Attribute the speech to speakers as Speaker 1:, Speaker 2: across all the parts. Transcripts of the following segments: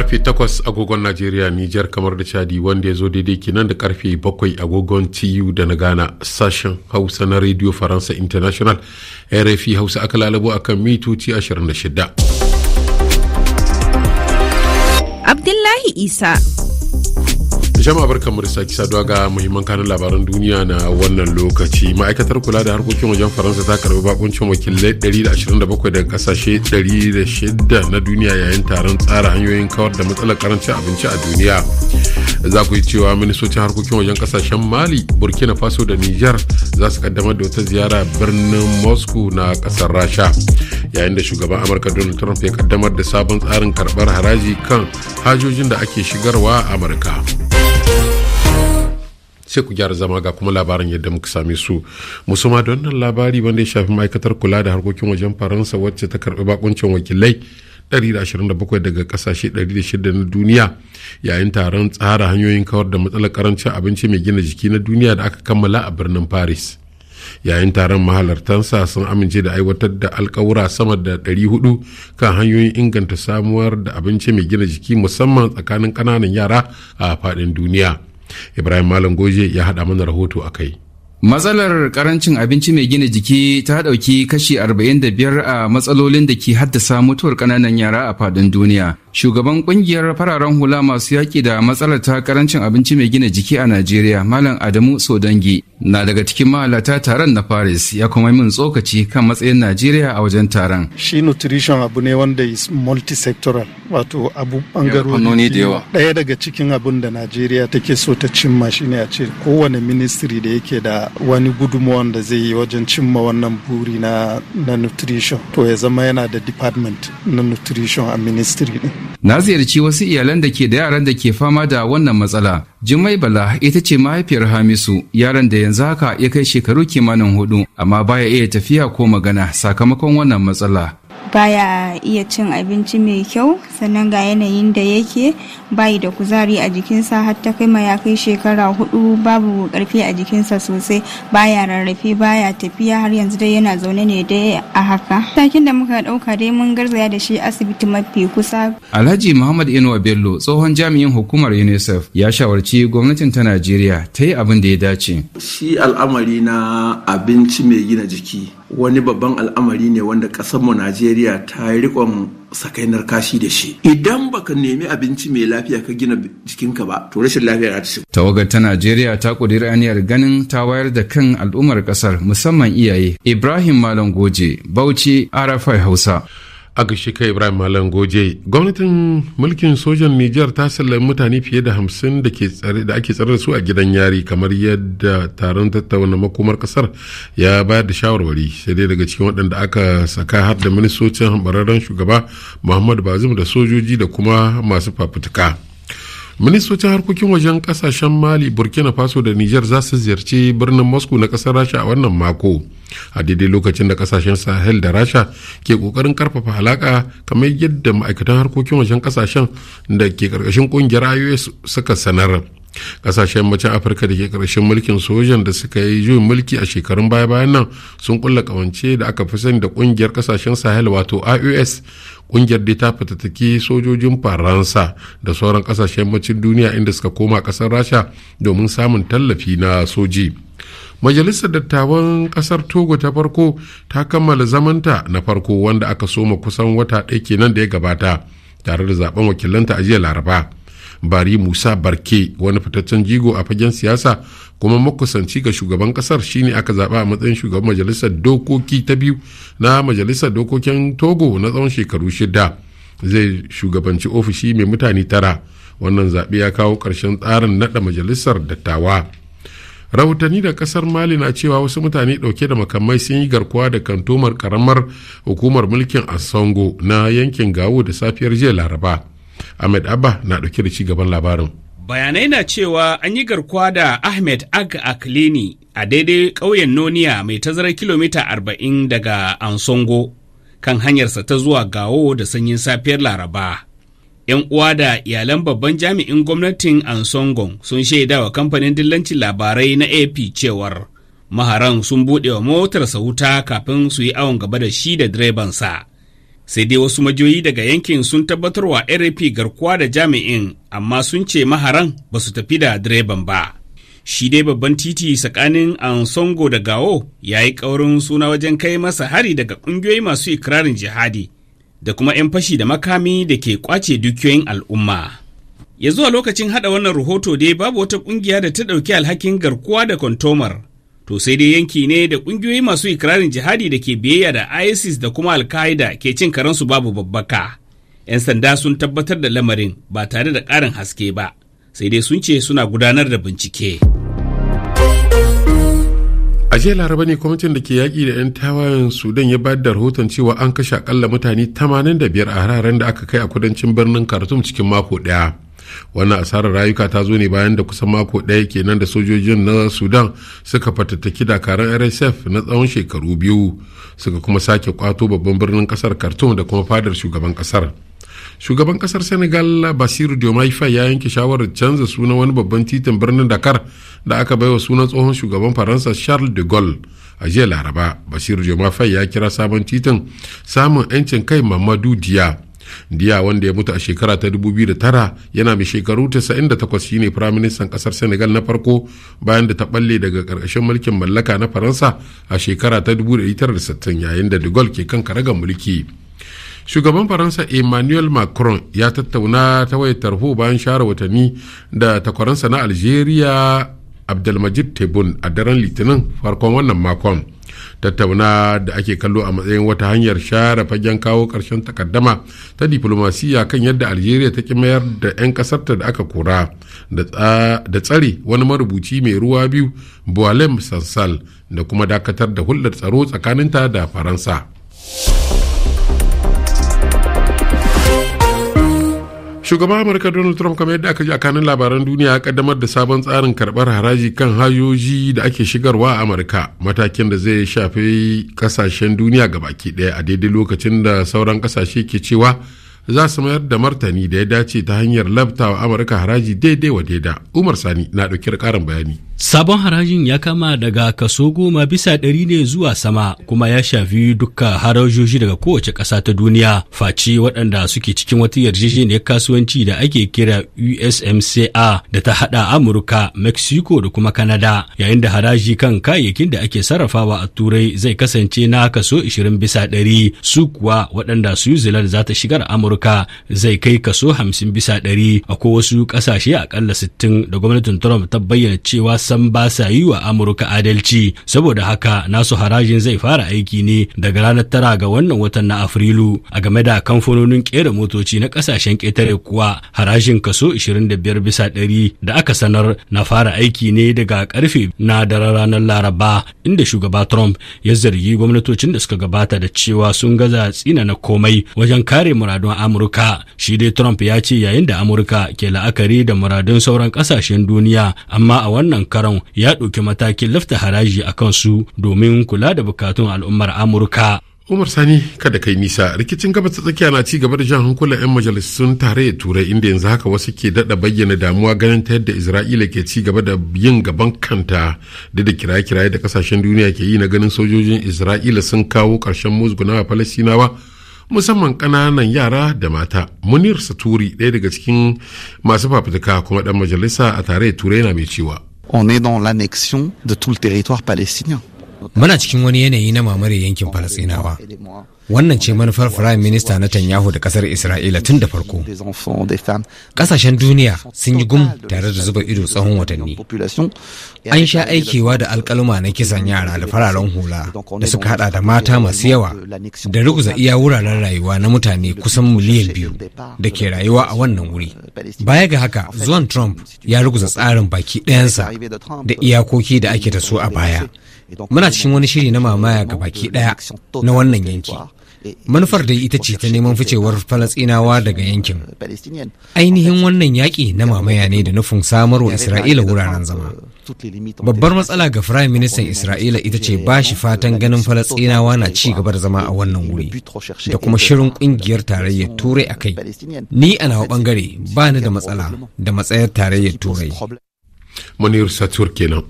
Speaker 1: karfe 8 agogon najeriya nijar kamar da chadi wanda ya zo daidai kinan da karfe 7 agogon tu da na ghana sashen hausa na radio faransa international rfi hausa aka lalabo akan mitoci 26
Speaker 2: abdullahi isa
Speaker 1: jama'a barkan da sake saduwa ga muhimman kanun labaran duniya na wannan lokaci ma'aikatar kula da harkokin wajen faransa ta karbi bakuncin wakilai 127 daga kasashe 106 na duniya yayin taron tsara hanyoyin kawar da matsalar karancin abinci a duniya za ku yi cewa ministocin harkokin wajen kasashen mali burkina faso da niger za su kaddamar da wata ziyara birnin moscow na kasar rasha yayin da shugaban amurka donald trump ya kaddamar da sabon tsarin karbar haraji kan hajojin da ake shigarwa a amurka sai ku gyara zama ga kuma labarin yadda muka same su musamman da wannan labari wanda ya shafi ma'aikatar kula da harkokin wajen faransa wacce ta karbi bakuncin wakilai 127 daga kasashe 106 na duniya yayin taron tsara hanyoyin kawar da matsalar karancin abinci mai gina jiki na duniya da aka kammala a birnin paris yayin taron mahalartansa sun amince da aiwatar da alkawura sama da 400 kan hanyoyin inganta samuwar da abinci mai gina jiki musamman tsakanin ƙananan yara a faɗin duniya ibrahim malam goje ya haɗa mana rahoto a kai matsalar karancin abinci mai gina jiki ta ɗauki kashi arba'in da biyar
Speaker 3: a matsalolin da ke haddasa mutuwar ƙananan yara a faɗin duniya shugaban ƙungiyar fararen hula masu yaƙi da matsalar ta karancin abinci mai gina jiki a najeriya malam adamu sodangi na daga cikin mahalata taron na paris ya kuma min tsokaci kan matsayin najeriya a wajen taron
Speaker 1: shi nutrition abu ne wanda is multisectoral wato abu bangarori da yawa ɗaya daga cikin abun da najeriya take so ta cimma shine a ce kowane ministry da yake da wani gudunmawan da zai yi wajen cimma wannan buri na, na nutrition to ya zama yana da department na nutrition a ministry ne
Speaker 3: Na ziyarci wasu iyalan da ke da yaran da ke fama da wannan matsala. Jummai Bala ita ce mahaifiyar Hamisu, yaran da yanzu haka ya kai shekaru kimanin hudu, amma baya iya tafiya ko magana sakamakon wannan matsala.
Speaker 2: baya iya cin abinci mai kyau sannan ga yanayin da yake bayi da kuzari a jikinsa har ta kai ma ya kai shekara hudu babu karfi a jikinsa sosai baya rarrafe baya tafiya har yanzu dai yana zaune ne dai a haka takin da muka dauka dai mun garzaya da shi asibiti mafi kusa
Speaker 3: alhaji muhammad inuwa bello tsohon jami'in hukumar unicef ya shawarci gwamnatin ta najeriya ta yi abin da ya dace
Speaker 1: shi al'amari na abinci mai gina jiki wani babban al'amari ne wanda mu Najeriya ta yi rikon sakainar kashi da shi. Idan baka nemi abinci mai lafiya ka gina jikinka ba, to rashin lafiya ta
Speaker 3: Tawagar ta Najeriya ta ƙudiri aniyar ganin ta wayar da kan al'ummar ƙasar musamman iyaye. Ibrahim Malam Goje, Bauchi,
Speaker 1: Arafai Hausa. a gashi kai ibrahim malam goje gwamnatin mulkin sojan nijar ta sallami mutane fiye da hamsin da ake tsare da su a gidan yari kamar yadda taron tattauna makomar kasar ya bayar da shawarwari sai dai daga cikin waɗanda aka saka har da ministocin hambararren shugaba muhammad bazum da sojoji da kuma masu fafutuka ministocin harkokin wajen kasashen mali burkina faso da niger za su ziyarci birnin moscow na kasar rasha a wannan mako a daidai lokacin da kasashen sahel da rasha ke kokarin karfafa alaka kamar yadda ma'aikatan harkokin wajen kasashen da ke karkashin kungiyar ios suka sanar kasashen macen afirka da ke karshen mulkin sojan da suka yi juyin mulki a shekarun baya bayan nan sun kulla kawance da aka fi sani da kungiyar kasashen sahel wato ios kungiyar da ta fatattaki sojojin faransa da sauran kasashen macin duniya inda suka koma kasar rasha domin samun tallafi na soji majalisar dattawan kasar togo ta farko ta kammala zamanta na farko wanda aka soma kusan wata ɗaya kenan da ya gabata tare da zaben wakilanta a jiya laraba bari musa barke wani fitaccen jigo a fagen siyasa kuma makusanci ga shugaban kasar shine aka zaba a matsayin shugaban majalisar dokoki ta biyu na majalisar dokokin togo na tsawon shekaru shida zai shugabanci ofishi mai mutane tara wannan zaɓe ya kawo ƙarshen tsarin naɗa majalisar dattawa rahotanni da kasar mali na cewa wasu mutane ɗauke da makamai sun yi garkuwa da kantomar karamar hukumar mulkin asongo na yankin gawo da safiyar jiya laraba ahmed abba na ɗauke da ci gaban labarin
Speaker 4: bayanai na cewa an yi garkuwa da ahmed ag aklini a daidai ƙauyen noniya mai tazarar kilomita arba'in daga ansongo kan hanyarsa ta zuwa gawo da sanyin safiyar laraba 'yan uwa da iyalan babban jami'in gwamnatin ansongon sun shaida wa kamfanin dillancin labarai na ap cewar maharan sun buɗe wa motarsa wuta kafin su yi awon gaba da shi da direbansa sai dai wasu majoyi daga yankin sun tabbatar wa rap garkuwa da jami'in amma sun ce maharan ba su tafi da direban ba shi dai babban titi tsakanin ansongo da gawo ya yi ƙaurin suna wajen kai masa hari daga ƙungiyoyi masu ikirarin jihadi da kuma 'yan fashi da makami da ke kwace dukiyoyin al'umma ya zuwa lokacin hada wannan rahoto dai babu wata ƙungiya da ta ɗauki alhakin garkuwa da kwantomar. to sai dai yanki ne da kungiyoyi masu ikirarin jihadi da ke biyayya da isis da kuma alkaida ke cin karansu babu babbaka 'yan sanda sun tabbatar da lamarin ba tare da ƙarin haske ba sai dai sun ce suna gudanar da bincike
Speaker 1: a jiya laraba ne kwamitin da ke yaƙi da 'yan tawayen sudan ya bayar da rahoton cewa an kashe akalla mutane 85 a hararen da aka kai a kudancin birnin khartoum cikin mako ɗaya wannan asarar rayuka ta zo ne bayan da kusan mako ɗaya kenan da sojojin na sudan suka fatattaki dakarun rsf na tsawon shekaru biyu suka kuma sake kwato babban birnin kasar khartoum da kuma fadar shugaban kasar shugaban kasar senegal basiru diomaye ya yanke shawarar canza sunan wani babban titin birnin dakar da aka baiwa sunan tsohon shugaban faransa charles de gaulle a jiya laraba basiru diomaye ya kira sabon titin samun 'yancin kai mamadu diya diya wanda ya mutu a shekara ta 2009 yana mai shekaru 98 shine firaministan kasar senegal na farko bayan da ta balle daga karkashin mulkin mallaka na faransa a shekara ta 1960 yayin da de gaulle ke kan karagar mulki shugaban faransa emmanuel macron ya tattauna ta wayar tarho bayan share watanni da takwaransa na algeria abdelmajid tebun a daren litinin farkon wannan makon tattauna da ake kallo a matsayin wata hanyar share fagen kawo ƙarshen takaddama ta diplomasiya kan yadda algeria ta ki mayar da 'yan ƙasarta da aka kura da tsare wani marubuci mai ruwa biyu bualem sansal da kuma dakatar da hulɗar tsaro tsakaninta da faransa shugaban amurka donald trump kamar yadda aka ji a labaran duniya ya kaddamar da sabon tsarin karbar haraji kan hayoji da ake shigarwa a amurka matakin da zai shafi kasashen duniya ga baki daya a daidai lokacin da sauran kasashe ke cewa za su mayar da martani da ya dace ta hanyar labtawa amurka haraji daidai wa daida umar sani na ɗauki karin bayani Sabon harajin ya kama
Speaker 5: daga kaso goma bisa ɗari ne zuwa sama kuma ya shafi duka harajoji daga kowace ƙasa ta duniya face waɗanda suke cikin wata yarjejeniyar kasuwanci da ake kira USMCA da ta haɗa Amurka, Mexico da kuma Canada yayin da haraji kan kayayyakin da ake sarrafawa a Turai zai kasance na kaso 20 bisa ɗari su kuwa waɗanda Switzerland za ta shigar Amurka zai kai kaso 50 bisa ɗari akwai wasu ƙasashe aƙalla 60 da gwamnatin Trump ta bayyana cewa san ba sa yi wa amurka adalci saboda haka nasu harajin zai fara aiki ne daga ranar tara ga wannan watan na afrilu a game da kamfanonin kera motoci na kasashen ƙetare kuwa harajin kaso 25 bisa ɗari da aka sanar na fara aiki ne daga karfe na daren ranar laraba inda shugaba trump ya zargi gwamnatocin da suka gabata da cewa sun gaza tsina na komai wajen kare muradun amurka shi dai trump ya ce yayin da amurka ke la'akari da muradun sauran kasashen duniya amma a wannan karon ya ɗauki matakin lafta
Speaker 1: haraji a kansu domin kula da bukatun al'ummar amurka Umar Sani kada kai nisa rikicin gabas ta tsakiya na ci gaba da jan hankulan 'yan majalisun tarayyar turai inda yanzu haka wasu ke dada bayyana damuwa ganin ta yadda Isra'ila ke ci gaba da yin gaban kanta da da kiraye-kiraye da kasashen duniya ke yi na ganin sojojin Isra'ila sun kawo karshen musgunawa Falasinawa musamman ƙananan yara da mata. Munir Saturi ɗaya daga cikin masu fafutuka kuma ɗan majalisa a tare da turai na mai cewa.
Speaker 6: on est dans l'annexion de tout le territoire palestinien. Wannan ce manufar Firayim Minista tanyahu da kasar Isra'ila tun da farko. Kasashen duniya sun yi gum tare da zuba ido tsawon watanni. An sha aikewa da alkaluma na kisan yara da fararen hula da suka hada da mata masu yawa da ruguza iya wuraren rayuwa na mutane kusan miliyan biyu da ke rayuwa a wannan wuri. Baya ga haka, zuwan Trump ya ruguza tsarin baki ɗayansa da iyakoki da ake da su a baya. Muna cikin wani shiri na mamaya ga baki daya na wannan yanki. manufar da ita ce ta neman ficewar falasinawa daga yankin ainihin wannan yaƙi na mamaya ne da nufin samarwa isra'ila wuraren zama babbar matsala ga firayim ministan isra'ila ita ce ba shi fatan ganin falasinawa na ci gaba da zama a wannan wuri da kuma shirin ƙungiyar tarayyar turai a kai ni a nawa bangare ba ni da matsala da matsayar tarayyar turai munir satur kenan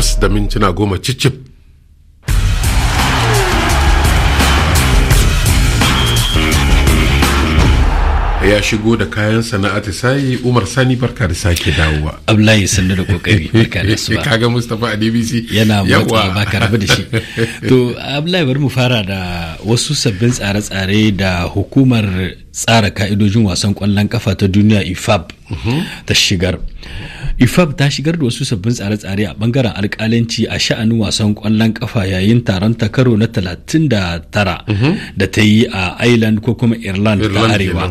Speaker 1: takwas da mintuna goma cicip. ya shigo da kayan sana'ati sai umar sani barka da sake dawowa abdullahi sannu da kokari barka da suba kaga mustapha a dbc yana motsa ba ka rabu da shi to abdullahi bari mu fara
Speaker 5: da wasu sabbin tsare-tsare da hukumar tsara ka'idojin wasan kwallon kafa ta duniya ifab mhm. ta shigar ifab ta shigar da wasu sabbin tsare-tsare a bangaren alkalanci a sha'anin wasan kwallon kafa yayin taron ta karo na 39 mhm. da ta yi a ireland ko kuma ireland ta arewa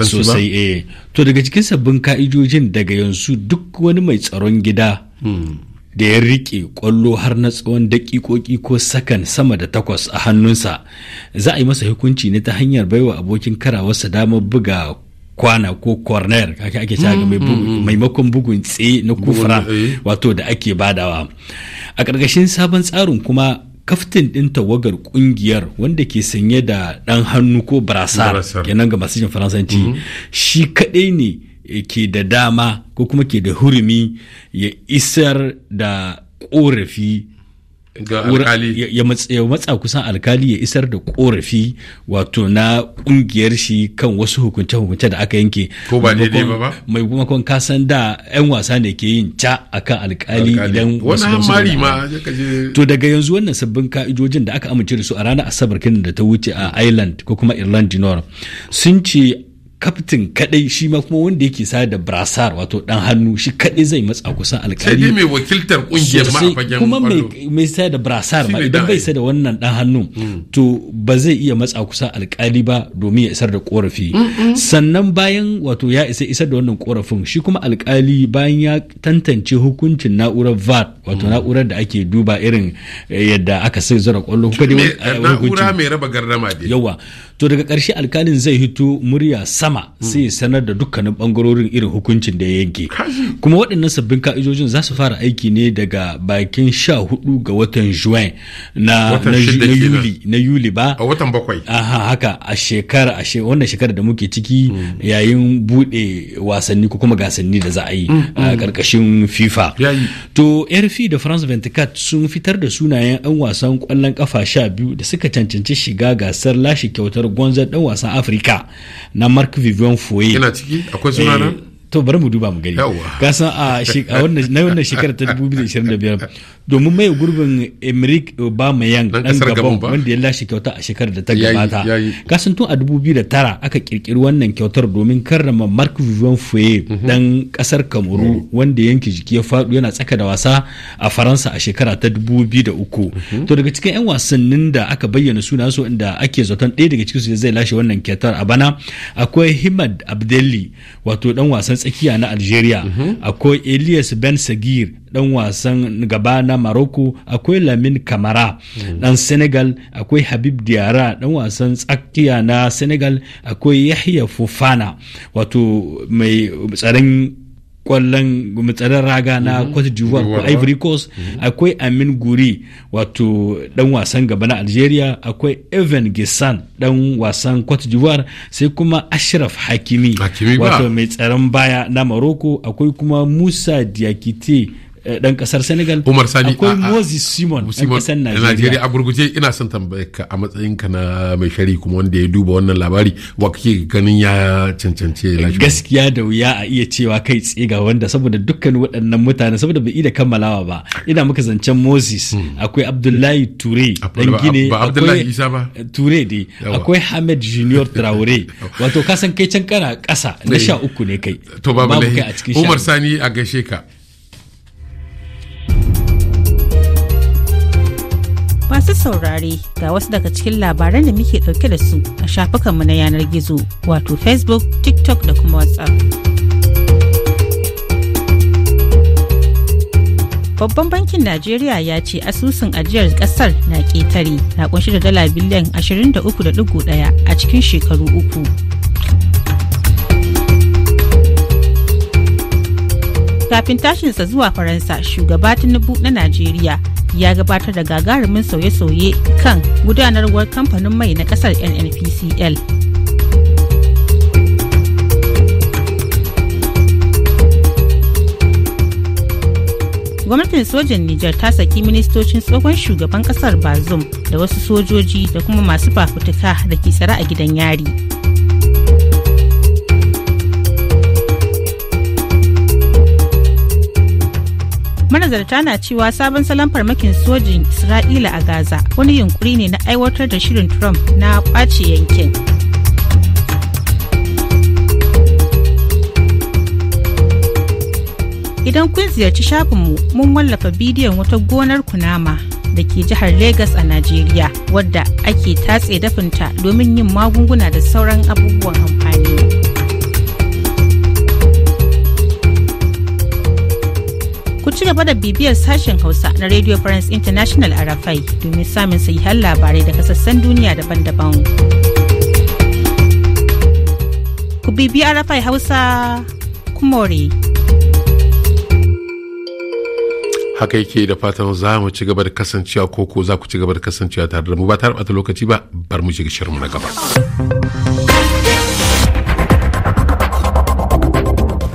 Speaker 1: sosai eh
Speaker 5: to daga cikin sabbin kaijojin daga yanzu duk wani mai tsaron gida hmm. da ya rike kwallo har na tsawon dakikoki ko sakan sama da takwas a hannunsa za a yi masa hukunci ne ta hanyar baiwa abokin karawarsa damar buga kwana ko corner ake ake ga mm, mm, mm. maimakon bugun tse na kufra wato da ake badawa a ƙarƙashin sabon tsarin kuma kaftin ɗin tawagar ƙungiyar wanda ke sanye da ɗan hannu ko barasa kenan ga masu jin faransanci mm-hmm. shi kaɗai ne ke da dama ko kuma ke da hurumi ya isar da ƙorafi ga alkali matsa kusan alkali ya isar da korafi wato na kungiyar shi kan wasu hukunce-hukunce da aka yanke ko ba daidai ba ba mai kan kasan da 'yan wasa ne ke yin ca akan alkali idan wasu ma to daga yanzu wannan sabbin ka'idojin da aka amince da su a ranar asabar kin da ta wuce a ireland ko kuma ireland North sun ce kaftin kadai shi ma kuma wanda yake sa da brasar wato dan hannu shi kadai zai matsa kusan alkali sai mai
Speaker 1: wakiltar kungiyar ma a fagen kuma
Speaker 5: mai sa da brasar ma idan bai sa da wannan dan hannu hmm. to ba zai iya matsa kusan alkali ba domin ya isar da korafi hmm, hmm. sannan bayan wato ya isa isar da wannan korafin shi kuma alkali bayan ya tantance hukuncin na'urar VAT wato na'urar da ake duba irin eh, yadda aka sai zura kwallo kuma dai eh, na'ura
Speaker 1: mai raba gardama
Speaker 5: yawa to daga karshe alkalin zai hito murya sama sai sanar da dukkanin bangarorin irin hukuncin da ya yanke kuma waɗannan sabbin ka'idojin za su fara aiki ne daga bakin sha hudu ga watan juin na, yuli na yuli ba a watan bakwai aha haka a shekara a wannan shekara da muke ciki hmm. yayin buɗe wasanni ko kuma gasanni da za a yi hmm, hmm. a ƙarƙashin fifa to rfi da france 24 sun fitar da sunayen 'yan wasan kwallon kafa sha biyu da suka cancanci shiga gasar lashe kyautar gwanzar dan wasan afirka na mark vivian foye yana
Speaker 1: ciki akwai sunana eh,
Speaker 5: to bari mu duba mu gani ka san a na wannan shekarar ta 2025 domin mai gurbin obama Aubameyang dan gabon wanda ya lashe kyauta a shekarar da ta gabata ka san tun a 2009 aka kirkiri wannan kyautar domin karrama mark vivian Foye dan mhm. kasar Kamaru mhm. wanda yanke jiki ya faɗo yana tsaka da wasa a Faransa a shekara ta 2003 mhm. to daga cikin 'yan wasannin da aka bayyana suna su inda ake zaton ɗaya daga cikinsu zai lashe wannan kyautar a bana akwai Himad Abdelli wato dan wasan tsakiya na algeria akwai elias ben sagir dan wasan gaba na maroko akwai lamin kamara dan senegal akwai habib diara dan wasan tsakiya na senegal akwai yahya fufana. wato mai tsaron kwallon tsaron raga na mhm. Cote d'Ivoire ko Ivory Coast mhm. akwai Amin Guri wato dan wasan gaba na Algeria akwai Evan Gissan dan wasan Cote d'Ivoire sai kuma Ashraf Hakimi wato mai tsaron baya na maroko akwai kuma Musa Diakite Eh, dan kasar Senegal Umar Sani akwai Moses Simon dan kasar Najeriya a
Speaker 1: gurguje ina son tambaye ka a matsayin ka na mai shari kuma wanda ya duba wannan labari wa kake ganin ya cancance eh, gaskiya da wuya a iya cewa kai tsiga wanda saboda dukkan waɗannan mutane saboda bai
Speaker 5: da kammalawa ba ina muka zancen Moses hmm. akwai Abdullahi Ture dan Gine ba abdullahi isa ba Ture dai akwai Ahmed Junior Traore wato ka san kai can kana ƙasa na eh. sha uku ne kai to babu kai Umar
Speaker 1: Sani a gaishe ka
Speaker 2: saurare ga wasu daga cikin labaran da muke dauke da su a shafukanmu na yanar gizo wato Facebook, TikTok da kuma WhatsApp. Babban bankin Najeriya ya ce asusun ajiyar kasar na ketare na kunshi da dala biliyan 23.1 a cikin shekaru uku. Kafin tashinsa zuwa Faransa, shugaba Tinubu na Najeriya ya gabatar da gagarumin sauye-sauye kan gudanarwar kamfanin mai na kasar nnpcl gwamnatin sojin Nijar ta saki ministocin tsohon shugaban kasar Bazum da wasu sojoji da kuma masu fafutuka da ke tsare a gidan yari. manazarta na cewa sabon salon farmakin sojin isra'ila a gaza wani yunkuri ne na aiwatar da shirin trump na kwace yankin idan kun ziyarci shafinmu mun wallafa bidiyon wata gonar kunama da ke jihar Legas a Najeriya wadda ake tatse dafinta domin yin magunguna da sauran abubuwan amfani. ci gaba da bibiyar sashen Hausa na Radio France International a Rafai domin samun sahihan labarai daga sassan duniya daban-daban. Ku bibi arafai Hausa kumore.
Speaker 1: Haka yake da fatan za mu ci gaba da kasancewa ko ko za ku ci gaba da kasancewa tare da mu ba ta lokaci ba bar mu shiga shirin na gaba.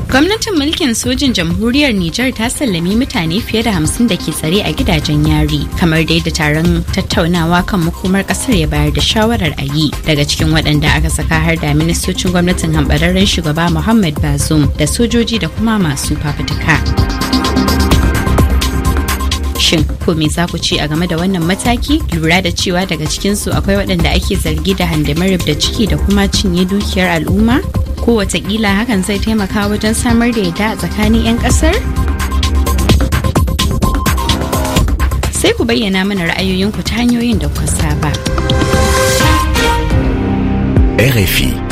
Speaker 2: Gwamnatin mulkin sojin jamhuriyar Nijar ta sallami mutane fiye da hamsin da ke tsare a gidajen yari, kamar dai da taron tattaunawa kan makomar kasar ya bayar da shawarar a yi. Daga cikin waɗanda aka saka har da ministocin gwamnatin hambararren shugaba Muhammad Bazoum da sojoji da kuma masu fafutuka. shin ko me za ku ce a game da wannan mataki lura da cewa daga cikin su akwai waɗanda ake zargi da handamarib da ciki da kuma cinye dukiyar al'umma ko watakila hakan zai taimaka wajen samar da yadda a tsakanin 'yan kasar? sai ku bayyana mana ra'ayoyinku ta hanyoyin da kuka saba.
Speaker 6: RFI